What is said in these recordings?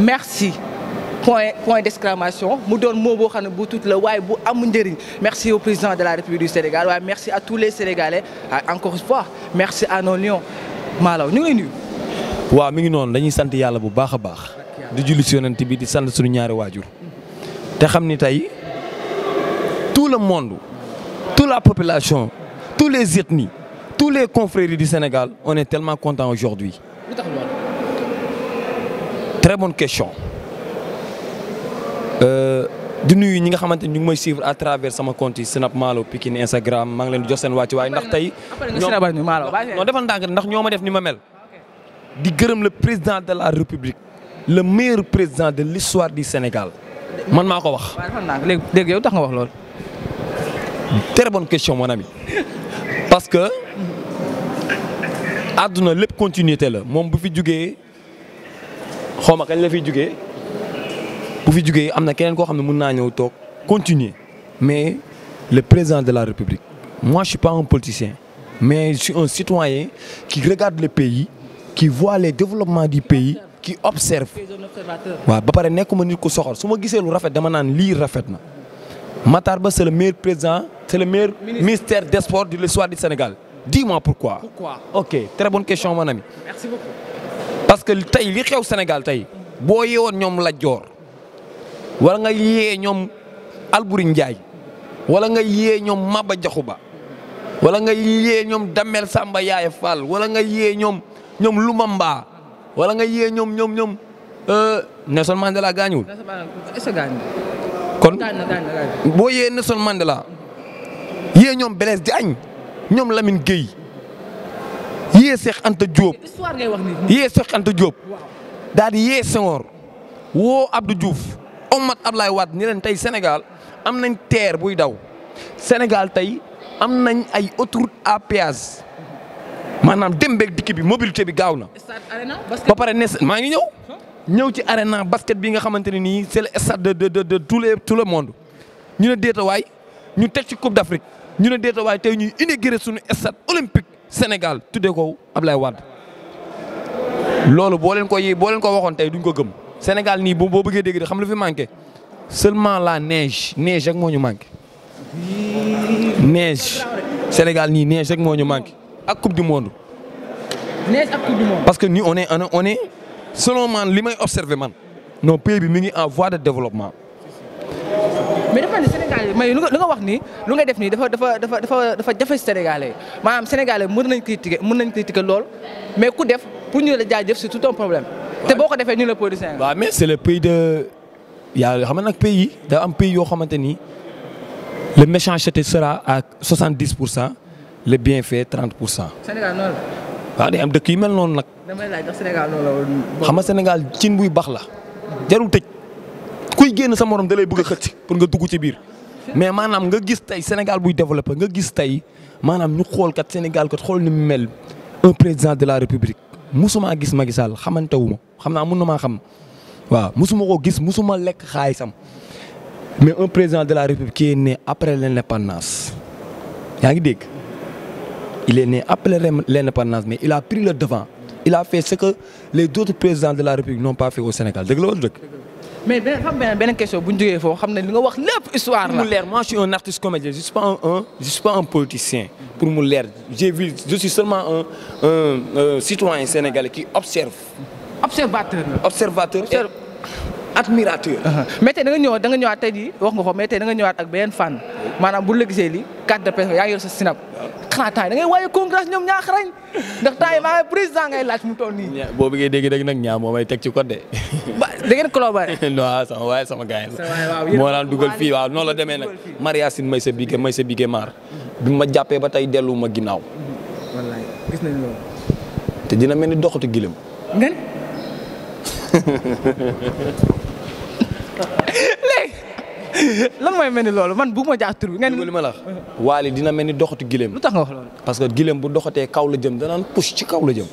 merci point point d'exclamation mu doon moo boo xam ne bu tuuti la waaye bu am njëriñ merci au président de la République du Sénégal waaye merci à tous les Sénégalais ah, encore une merci à nos lions Malaw ñu ngi nuyu. waaw mi ngi noonu dañuy sant yàlla bu baax a baax. di julli si yonent bi di sant suñu ñaari waajur. te xam ni tey tout le monde toute la population tous les ethnies tous les confréries du Sénégal on est tellement content aujourd'hui très bonne question euh, di nuyu ñi nga xamante ni ñu ngi may suivre à travers sama compte yi Snap Malo Pikine Instagram maa ngi leen di jox seen wàcc waaye ndax tey. non defal ndànk ndax ñoom ma def ni ma mel. di gërëm le président de la République le meilleur président de l'histoire du Sénégal man maa ko wax. léegi léegi yow tax nga wax loolu. très bonne question mon ami parce que àdduna lépp continuité la moom bu fi jugee. xaw ma kañ la fi jóge bu fi jugee am na keneen koo xam ne mën naa ñëw toog continuer mais le président de la république moi je suis pas un politicien mais je suis un citoyen qui regarde le pays qui voit les développements du pays qui observe waaw ba pare ma nit ku soxor su ma gisee lu rafet dama naan lii rafet na Matar Ba c'est le meilleur président c'est le meilleur ministère des du de l'histoire du Sénégal dis-moi pourquoi. pourquoi ok très question ma ami. parce que tey li xew Sénégal tey boo yeewoon ñoom la Joor wala nga yee ñoom Alburi Njaay wala nga yee ñoom Maba Jaxu Ba wala nga yee ñoom Damel Samba Yaay Fall wala nga yee ñoom ñoom Lumba Mbaa wala nga yee ñoom ñoom ñoom euh, Nelson Mandela gaañuwul. kon boo yee Nelson Mandela yee ñoom Blaise Diagne ñoom Lamine Guèye yee Cheikh Anta Diop yee Cheikh Anta jóob daal di yee Senghor woo Abdou Diouf omat Ablaye Wade ni leen tey Sénégal am nañ terre buy daw Sénégal tey am nañ ay autoroute à péage maanaam dem beeg dikki bi bi gaaw na. ba pare ne maa ngi ñëw. ñëw ci arena basket bi nga xamante ne nii c'est le stade de de de tout le tout monde ñu ne déeta waay ñu teg ci Coupe d'Afrique ñu ne déeta waay tey ñuy intégré suñu stade olympique. Sénégal tuddee ko Ablaye Wade loolu boo leen ko yi boo leen ko waxoon tey duñ ko gëm Sénégal nii boo boo bëggee dégg xam lu fi manqué seulement la neige neige rek moo ñu manqué. neige Sénégal nii neige rek moo manqué ak coupe du monde. neige ak coupe du monde. parce que nii on est on est selon man li may observé man non pays bi mi ngi en voie de développement. naa ne Sénégalais mais lu nga wax nii lu nga def nii dafa dafa dafa dafa dafa jafe si Sénégalais maanaam Sénégalais mën nañ critiquer mën nañ critiquer lool mais ku def pour ñu la jaajëf c'est tout un problème. te boo ko defee ñu la politicien waaw mais c'est le pays de yaa xam ne nag pays yi am pays yoo xamante ni le méchanceté sera à 70 pour cent le bienfait 30 pour cent. la. waaw day am dëkk yu mel noonu nag. damay laaj ndax Sénégal noonu la woon. xam nga Sénégal cin buy baax la jarul tëj. kuy génn sa morom da bugg bëgg a xëcc pour nga dugg ci mais maanaam nga gis tey Sénégal buy développé nga gis tey maanaam ñu xool kat Sénégal kat xool ni mu mel un président de la République musuma gis Macky Sall xamante wu ma xam naa mun na maa xam waaw musuma koo gis musuma lekk xaalisam mais un président de la République ki est né après l'indépendance yaa ngi dégg il est né après l'indépendance mais il a pris le devant il a fait ce que les autres présidents la République n'ont pas Sénégal dëgg mais benn xam benn question bu ñu jógee foofu xam ne li nga wax lépp histoire la. pour mu leer moi je un artiste comédien je suis pas un politicien. pour mu leer j'ai vu je suis seulement un un citoyen sénégalais qui observe. observateur observateur admirateur. mais tey da nga ñëwaat da nga ñëwaat tey jii wax nga ko mais tey da nga ak beneen fànn maanaam bu la gisee lii carte de presse yaa ngi yor sinap xanaa temps yi da ngay waaye congrès ñoom ñaa ndax temps yi maa président ngay laaj mu toll nii. boobu ngay dégg nag ñaa moo may teg ci code de. ba da ngeen ko loo bari. waaw sama waaye sama gars moo daan dugal fii waaw noonu la demee nag. Maria si may sa bige may sa bige maar. bi ma jàppee ba tey dellu ma ginnaaw. wallaay gis te dina mel ni doxatu gilam. lan mooy mel ni loolu man bu ma jaax tur bi ngeen li ma la waali dina mel ni doxatu gileem. lu tax nga wax loolu. parce que gileem bu doxatee kaw la jëm danaan push ci kaw la jëm.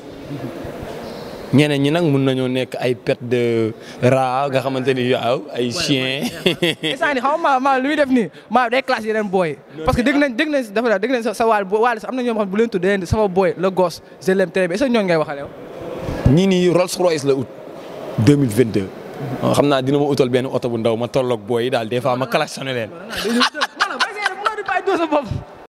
ñeneen ñi nag mun nañoo nekk ay pet de rat nga xamante ni waaw ay chien. instant yii xaw ma ma lu muy def nii ma day classe yeneen booy. parce que dégg nañ ah. dégg nañ dafa daal dégg nañ sa waal waal am na ñoo xam bu leen tuddee sama booy la gosse je l'aime très bien est-ce que ñooñu ngay waxale yow. ñii nii Rolls Royce xam naa dina ma utal benn oto bu ndaw ma tolloog booyi yi daal des fois ma klaxonné leen.